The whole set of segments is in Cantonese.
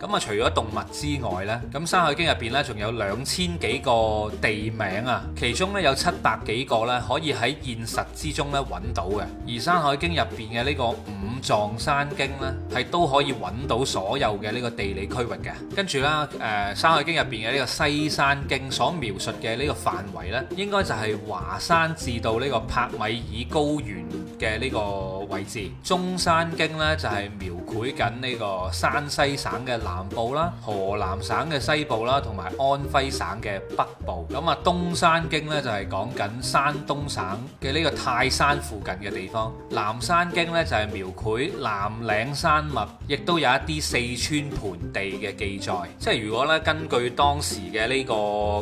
咁啊，除咗動物之外呢，咁《山海經》入邊呢，仲有兩千幾個地名啊，其中呢，有七百幾個呢，可以喺現實之中呢揾到嘅。而《山海經》入邊嘅呢個五藏山經呢，係都可以揾到所有嘅呢個地理區域嘅。跟住啦，誒、呃《山海經》入邊嘅呢個西山經所描述嘅呢個範圍呢，應該就係華山至到呢個帕米爾高原嘅呢個位置，中山經咧就係描繪緊呢個山西省嘅南部啦，河南省嘅西部啦，同埋安徽省嘅北部。咁啊，東山經咧就係講緊山東省嘅呢個泰山附近嘅地方。南山經咧就係描繪南嶺山脈，亦都有一啲四川盆地嘅記載，即係如果咧根據當時嘅呢個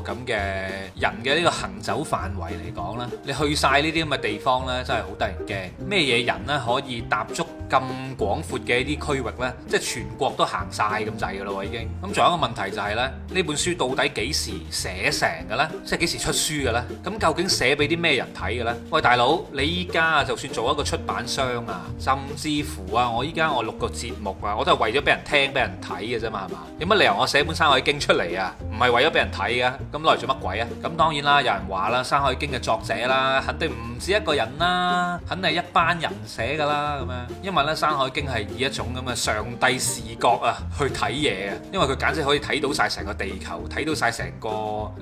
咁嘅人嘅呢個行走範圍嚟講啦，你去晒呢啲咁嘅地方咧，真係好得人驚。咩嘢人啦？可以踏足。咁廣闊嘅一啲區域咧，即係全國都行晒咁滯噶啦喎已經。咁仲有一個問題就係咧，呢本書到底幾時寫成嘅咧？即係幾時出書嘅咧？咁究竟寫俾啲咩人睇嘅咧？喂，大佬，你依家就算做一個出版商啊，甚至乎啊，我依家我錄個節目啊，我都係為咗俾人聽、俾人睇嘅啫嘛，係嘛？有乜理由我寫本《山海經》出嚟啊？唔係為咗俾人睇嘅，咁攞嚟做乜鬼啊？咁當然啦，有人話啦，《山海經》嘅作者啦，肯定唔止一個人啦，肯定係一班人寫噶啦，咁樣，因為。物咧《山海經》係以一種咁嘅上帝視角啊，去睇嘢啊，因為佢簡直可以睇到晒成個地球，睇到晒成個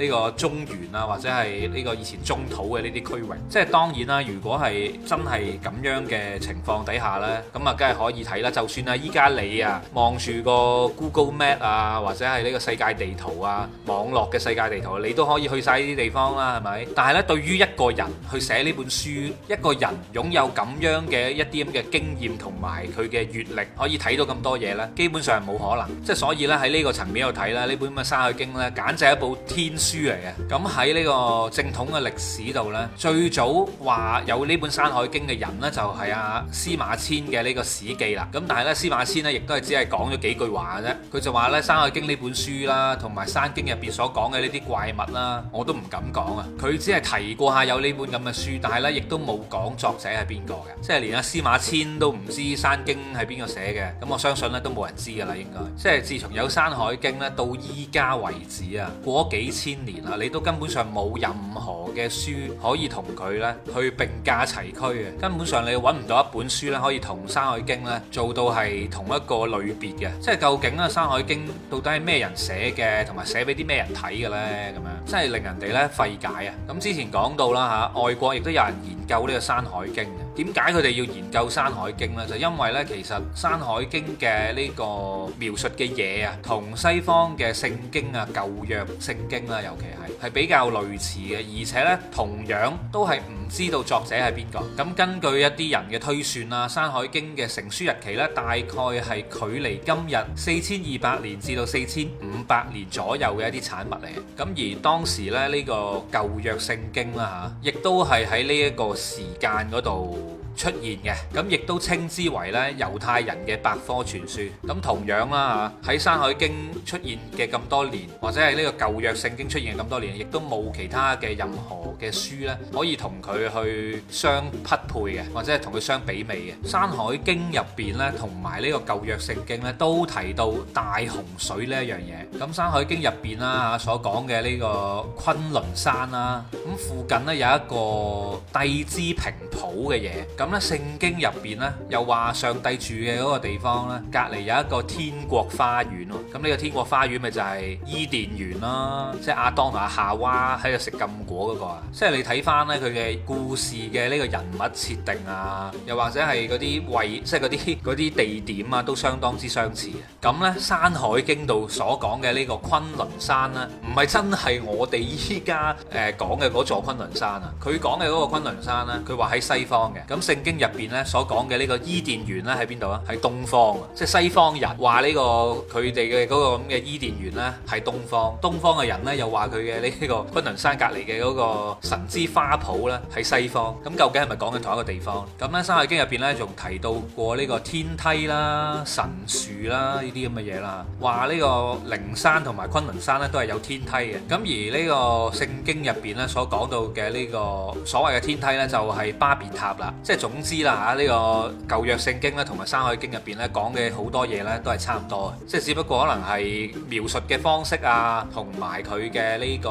呢個中原啊，或者係呢個以前中土嘅呢啲區域。即係當然啦，如果係真係咁樣嘅情況底下咧，咁啊，梗係可以睇啦。就算啊，依家你啊望住個 Google Map 啊，或者係呢個世界地圖啊，網絡嘅世界地圖你都可以去晒呢啲地方啦，係咪？但係咧，對於一個人去寫呢本書，一個人擁有咁樣嘅一啲咁嘅經驗。同埋佢嘅閱歷可以睇到咁多嘢呢，基本上係冇可能。即係所以呢，喺呢個層面度睇呢，呢本《咁嘅山海經》呢簡直係一部天書嚟嘅。咁喺呢個正統嘅歷史度呢，最早話有呢本《山海經》嘅人呢，就係阿司馬遷嘅呢個《史記》啦。咁但係呢，司馬遷呢亦都係只係講咗幾句話啫。佢就話呢，《山海經》呢本書啦，同埋《山經》入邊所講嘅呢啲怪物啦，我都唔敢講啊。佢只係提過下有呢本咁嘅書，但係呢亦都冇講作者係邊個嘅，即係連阿司馬遷都唔知《山經》係邊個寫嘅？咁我相信咧都冇人知噶啦，應該。即係自從有《山海經》咧到依家為止啊，過咗幾千年啦，你都根本上冇任何嘅書可以同佢咧去並駕齊驅嘅。根本上你揾唔到一本書咧可以同《山海經》咧做到係同一個類別嘅。即係究竟咧《山海經》到底係咩人寫嘅，同埋寫俾啲咩人睇嘅呢？咁樣即係令人哋咧費解啊！咁之前講到啦吓，外國亦都有人研究呢個《山海經》。點解佢哋要研究《山海經》呢？就因為呢，其實《山海經》嘅呢個描述嘅嘢啊，同西方嘅聖經啊、舊約聖經啊，尤其係係比較類似嘅，而且呢同樣都係唔知道作者係邊個。咁根據一啲人嘅推算啊，《山海經》嘅成書日期呢，大概係距離今日四千二百年至到四千五百年左右嘅一啲產物嚟嘅。咁而當時咧呢個舊約聖經啦嚇，亦都係喺呢一個時間嗰度出現嘅。咁，亦都稱之為呢猶太人嘅百科傳說。咁同樣啦，喺《山海經》出現嘅咁多年，或者係呢個舊約聖經出現咁多年，亦都冇其他嘅任何嘅書呢可以同佢去相匹配嘅，或者係同佢相媲美嘅。《山海經》入邊呢，同埋呢個舊約聖經呢，都提到大洪水呢一樣嘢。咁《山海經》入邊啦，所講嘅呢個昆崙山啦，咁附近呢有一個帝之平圃嘅嘢。咁咧，聖經入邊咧，又話上帝住嘅嗰個地方咧，隔離有一個天國花園喎。咁、這、呢個天國花園咪就係伊甸園啦，即係亞當同阿夏娃喺度食禁果嗰，那個啊。即係你睇翻咧佢嘅故事嘅呢個人物設定啊，又或者係嗰啲位，即係嗰啲嗰啲地點啊，都相當之相似嘅。咁咧，呢《山海經》度所講嘅呢個昆崙山咧，唔係真係我哋依家誒講嘅嗰座昆崙山啊。佢講嘅嗰個崑崙山咧，佢話喺西方嘅。咁聖經入邊咧所講嘅呢個伊甸園咧喺邊度啊？喺東方，即係西方人話呢個佢哋嘅嗰個咁嘅伊甸園咧喺東方，東方嘅人咧又話佢嘅呢個昆崙山隔籬嘅嗰個神之花圃咧喺西方，咁究竟係咪講緊同一個地方？咁咧《山海經》入邊咧仲提到過呢個天梯啦、神樹啦呢啲咁嘅嘢啦，話呢個靈山同埋昆崙山咧都係有天梯嘅。咁而呢個聖經入邊咧所講到嘅呢個所謂嘅天梯咧就係巴別塔啦，即係。總之啦，呢個舊約聖經咧，同埋《山海經》入邊咧講嘅好多嘢咧，都係差唔多嘅，即係只不過可能係描述嘅方式啊，同埋佢嘅呢個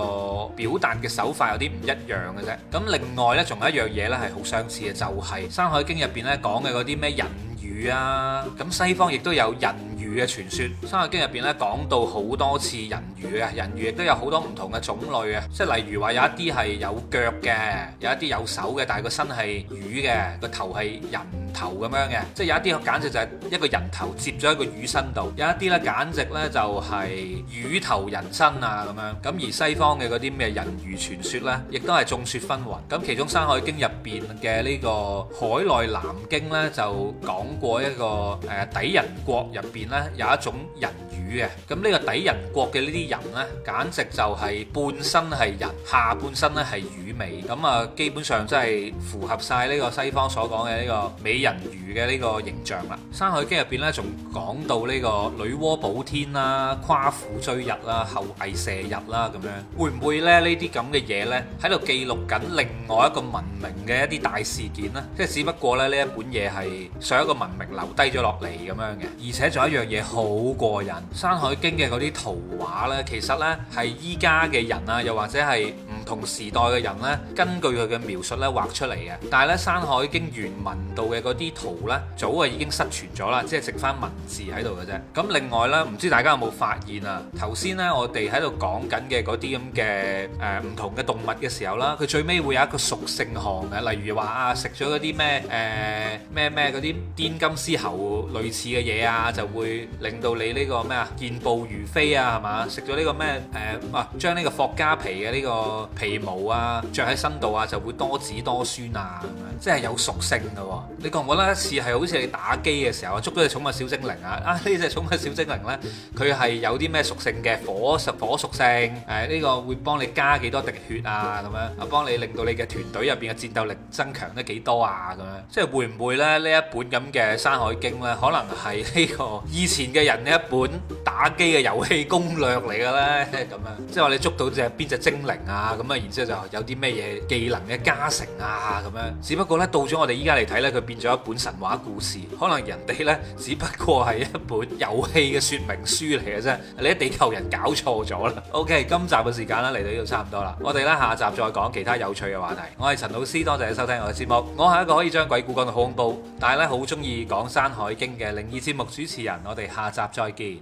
表達嘅手法有啲唔一樣嘅啫。咁另外咧，仲有一樣嘢咧係好相似嘅，就係《山海經》入邊咧講嘅嗰啲咩人魚啊，咁西方亦都有人嘅傳說，山海經入邊咧講到好多次人魚啊，人魚亦都有好多唔同嘅種類啊，即係例如話有一啲係有腳嘅，有一啲有手嘅，但係個身係魚嘅，個頭係人。頭咁樣嘅，即係有一啲，簡直就係一個人頭接咗一個魚身度；有一啲呢簡直呢就係魚頭人身啊咁樣。咁而西方嘅嗰啲咩人魚傳說呢，亦都係眾說紛紜。咁其中《山海經》入邊嘅呢個《海內南經》呢，就講過一個誒底人國入邊呢有一種人魚嘅。咁呢個底人國嘅呢啲人呢，簡直就係半身係人，下半身呢係魚尾。咁啊，基本上真係符合晒呢個西方所講嘅呢個美。人魚嘅呢個形象啦，《山海經》入邊呢，仲講到呢個女媧補天啦、夸父追日啦、後羿射日啦咁樣，會唔會呢？呢啲咁嘅嘢呢，喺度記錄緊另外一個文明嘅一啲大事件咧？即係只不過咧呢一本嘢係上一個文明留低咗落嚟咁樣嘅，而且仲有一樣嘢好過癮，《山海經》嘅嗰啲圖畫呢，其實呢，係依家嘅人啊，又或者係唔同時代嘅人呢，根據佢嘅描述呢，畫出嚟嘅。但係呢，《山海經》原文度嘅啲圖咧，早啊已經失傳咗啦，即係剩翻文字喺度嘅啫。咁另外咧，唔知大家有冇發現啊？頭先咧，我哋喺度講緊嘅嗰啲咁嘅誒唔同嘅動物嘅時候啦，佢最尾會有一個屬性項嘅，例如話啊，食咗嗰啲咩誒咩咩嗰啲滇金絲猴類似嘅嘢啊，就會令到你呢個咩啊健步如飛啊，係嘛？食咗呢個咩誒啊，將呢個霍家皮嘅呢個皮毛啊着喺身度啊，就會多子多孫啊。即係有屬性嘅喎、哦，你覺唔覺得一次係好似你打機嘅時候，捉咗隻寵物小精靈啊？啊呢隻寵物小精靈呢，佢係有啲咩屬性嘅火屬火屬性？誒、哎、呢、呢個會幫你加幾多滴血啊？咁樣啊，幫你令到你嘅團隊入邊嘅戰鬥力增強得幾多啊？咁樣，即係會唔會咧呢一本咁嘅《山海經》呢，可能係呢個以前嘅人呢一本打機嘅遊戲攻略嚟嘅呢。咁樣，即係話你捉到隻邊隻精靈啊？咁啊，然之後就有啲咩嘢技能嘅加成啊？咁樣，只不過。咧到咗我哋依家嚟睇呢，佢變咗一本神話故事，可能人哋呢，只不過係一本遊戲嘅說明書嚟嘅啫，你地球人搞錯咗啦。OK，今集嘅時間啦，嚟到呢度差唔多啦，我哋呢，下集再講其他有趣嘅話題。我係陳老師，多謝你收聽我嘅節目。我係一個可以將鬼故講到恐怖，但係呢好中意講山海經嘅靈異節目主持人。我哋下集再見。